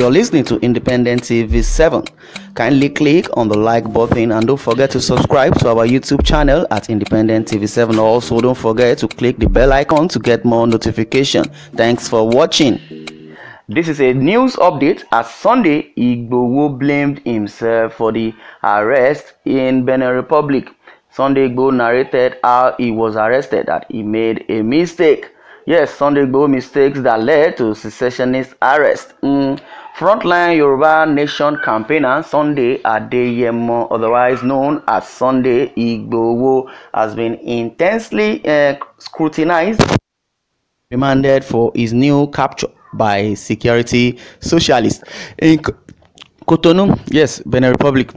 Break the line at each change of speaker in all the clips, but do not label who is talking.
You're listening to Independent TV 7. Kindly click on the like button and don't forget to subscribe to our YouTube channel at Independent TV 7. Also, don't forget to click the bell icon to get more notification. Thanks for watching. This is a news update as Sunday Igbo blamed himself for the arrest in Benin Republic. Sunday Igbo narrated how he was arrested that he made a mistake. Yes, Sunday Igbo mistakes that led to secessionist arrest. Mm. Frontline Yoruba Nation campaigner Sunday Adeyemo, otherwise known as Sunday Igboho, has been intensely uh, scrutinized, remanded for his new capture by security socialists in Cotonou, yes, Benin Republic.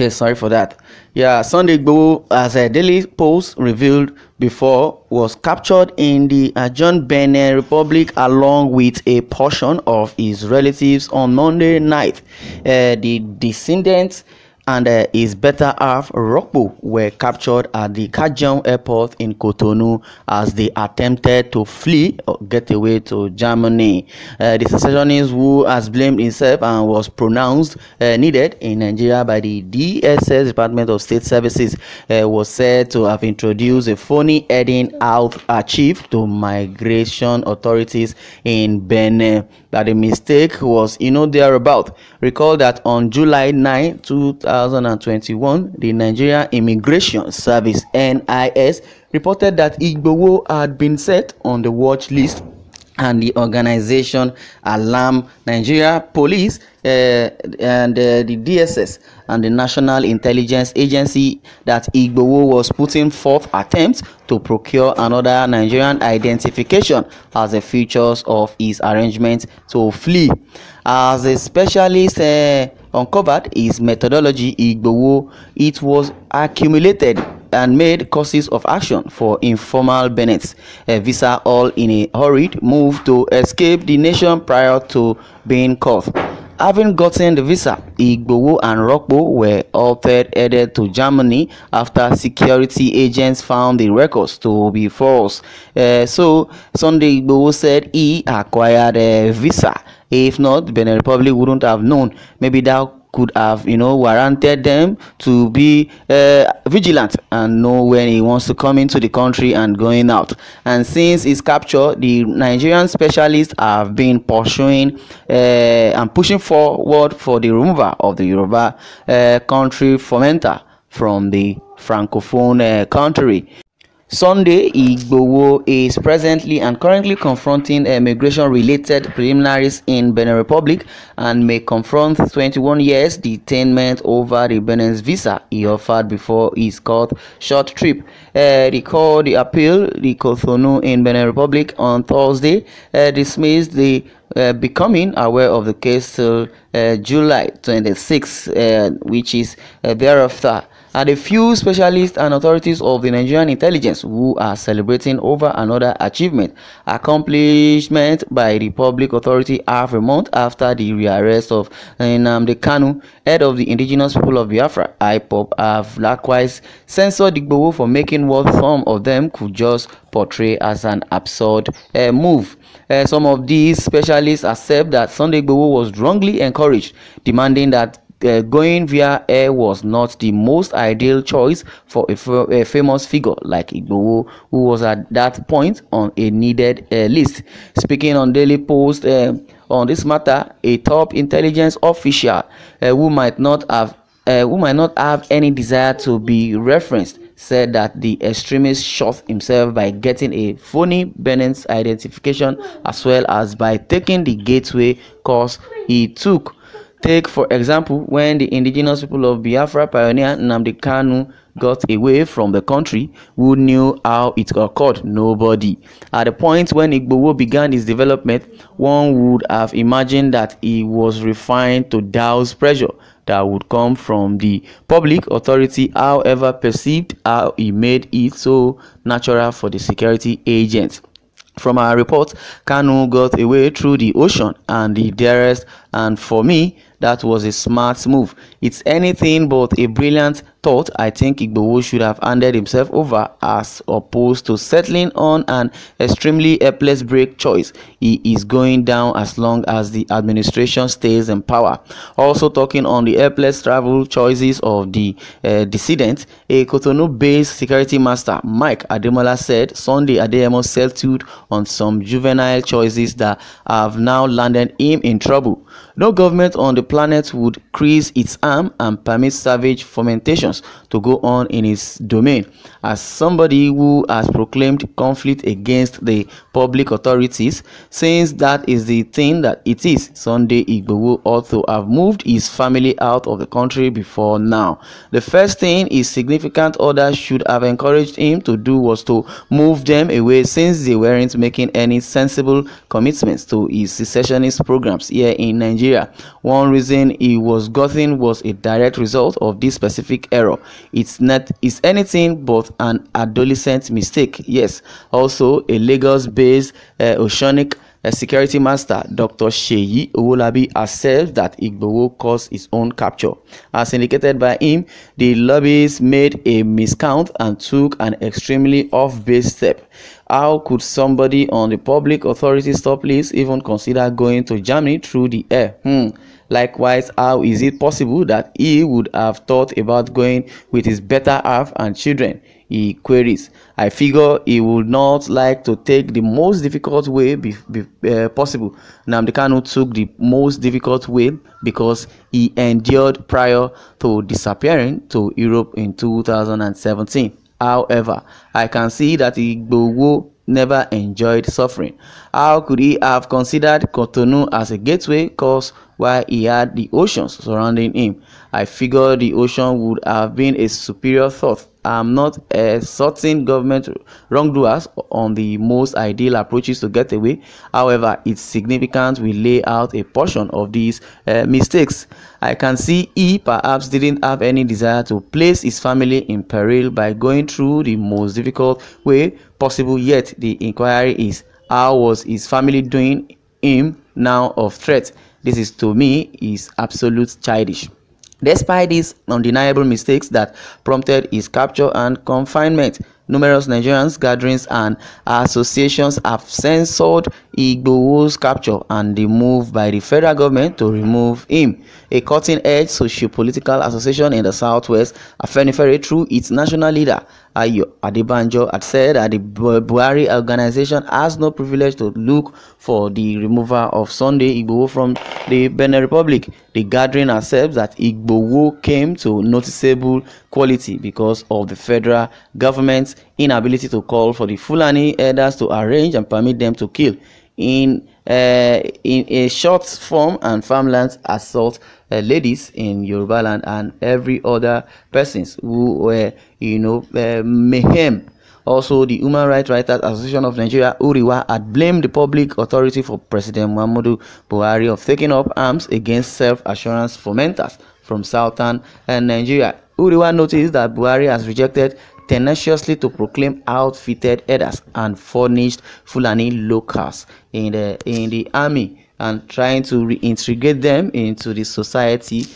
Yes, sorry for that. Yeah, Sunday Igboho, as a daily post revealed before, was captured in the uh, John Benin Republic along with a portion of his relatives on Monday night. Uh, the descendants and uh, his better half Rokpo were captured at the Kajang airport in Cotonou as they attempted to flee or get away to Germany. Uh, the secessionist who has blamed himself and was pronounced uh, needed in Nigeria by the DSS Department of State Services uh, was said to have introduced a phony heading out achieve to migration authorities in Benin. That the mistake was you know thereabout. Recall that on July 9, 2000 2021, the Nigeria Immigration Service NIS reported that Igbowo had been set on the watch list and the organization Alarm Nigeria Police uh, and uh, the DSS and the National Intelligence Agency that Igbowo was putting forth attempts to procure another Nigerian identification as a features of his arrangement to flee. As a specialist uh, uncovered his methodology Igbowo, it was accumulated and made courses of action for informal Bennett's visa all in a hurried move to escape the nation prior to being caught. Having gotten the visa, Igbowo and Rokpo were altered headed to Germany after security agents found the records to be false. Uh, so, Sunday Igbowo said he acquired a visa if not, Benin Republic wouldn't have known. Maybe that could have you know warranted them to be uh, vigilant and know when he wants to come into the country and going out and since his capture the nigerian specialists have been pursuing uh, and pushing forward for the removal of the yoruba uh, country fomenter from the francophone uh, country Sunday Igboho is presently and currently confronting uh, immigration-related preliminaries in Benin Republic and may confront 21 years detainment over the Benin's visa he offered before his court short trip. Uh, the court the appeal, the Cotonou in Benin Republic on Thursday, uh, dismissed the uh, becoming aware of the case till uh, July 26, uh, which is uh, thereafter are the few specialists and authorities of the Nigerian intelligence who are celebrating over another achievement accomplishment by the public authority half a month after the rearrest of uh, Nnamdi Kanu, head of the indigenous people of Biafra. IPOP have likewise censored Igboho for making what some of them could just portray as an absurd uh, move. Uh, some of these specialists accept that Sunday Igboho was wrongly encouraged, demanding that uh, going via air was not the most ideal choice for a, f- a famous figure like Igboho, who was at that point on a needed uh, list. Speaking on Daily Post uh, on this matter, a top intelligence official uh, who might not have uh, who might not have any desire to be referenced said that the extremist shot himself by getting a phony Bennett's identification as well as by taking the gateway course he took Take for example when the indigenous people of Biafra pioneer Nnamdi Kanu got away from the country, who knew how it occurred? Nobody. At the point when Igbowo began his development, one would have imagined that he was refined to douse pressure that would come from the public authority, however perceived, how he made it so natural for the security agents. From our report, Kanu got away through the ocean and the dearest and for me that was a smart move it's anything but a brilliant thought i think igbo should have handed himself over as opposed to settling on an extremely helpless break choice he is going down as long as the administration stays in power also talking on the helpless travel choices of the uh, dissident a cotonou based security master mike ademola said sunday ademo settled on some juvenile choices that have now landed him in trouble no government on the planet would crease its arm and permit savage fomentations to go on in its domain. As somebody who has proclaimed conflict against the public authorities, since that is the thing that it is, Sunday Igbo ought to have moved his family out of the country before now. The first thing his significant others should have encouraged him to do was to move them away since they weren't making any sensible commitments to his secessionist programs here in Nigeria. Nigeria. One reason he was gotten was a direct result of this specific error. It's not it's anything but an adolescent mistake. Yes, also a Lagos-based uh, oceanic A security master, Dr. Sheyi Owolabi, asserts that Igbowo caused his own capture. As indicated by him, the lobbyists made a miscount and took an extremely off-base step. How could somebody on the public authority stop list even consider going to Germany through the air? Hmm. Likewise, how is it possible that he would have thought about going with his better half and children? he queries. I figure he would not like to take the most difficult way be, be, uh, possible. Nnamdi took the most difficult way because he endured prior to disappearing to Europe in 2017. However, I can see that Igbowo never enjoyed suffering. How could he have considered Cotonou as a gateway cause while he had the oceans surrounding him. I figured the ocean would have been a superior thought. I'm not asserting government wrongdoers on the most ideal approaches to get away. However, its significant we lay out a portion of these uh, mistakes. I can see he perhaps didn't have any desire to place his family in peril by going through the most difficult way possible, yet the inquiry is how was his family doing him now of threat? This is to me is absolute childish. Despite these undeniable mistakes that prompted his capture and confinement, numerous Nigerians gatherings and associations have censored Igbo's capture and the move by the federal government to remove him. A cutting-edge socio-political association in the southwest, Afenifere, through its national leader Ayo Adebanjo had said that the Buhari organization has no privilege to look for the removal of Sunday Igboho from the Benin Republic. The gathering accepts that Igboho came to noticeable quality because of the federal government's inability to call for the Fulani elders to arrange and permit them to kill. In uh, in a short form and farmlands assault uh, ladies in Yoruba land and every other persons who were you know uh, mayhem also, the Human Rights Writers Association of Nigeria, Uriwa, had blamed the public authority for President Muhammadu Buhari of taking up arms against self-assurance fomenters from southern uh, Nigeria. Uriwa noticed that Buhari has rejected tenaciously to proclaim outfitted headers and furnished Fulani locals in the, in the army and trying to reintegrate them into the society.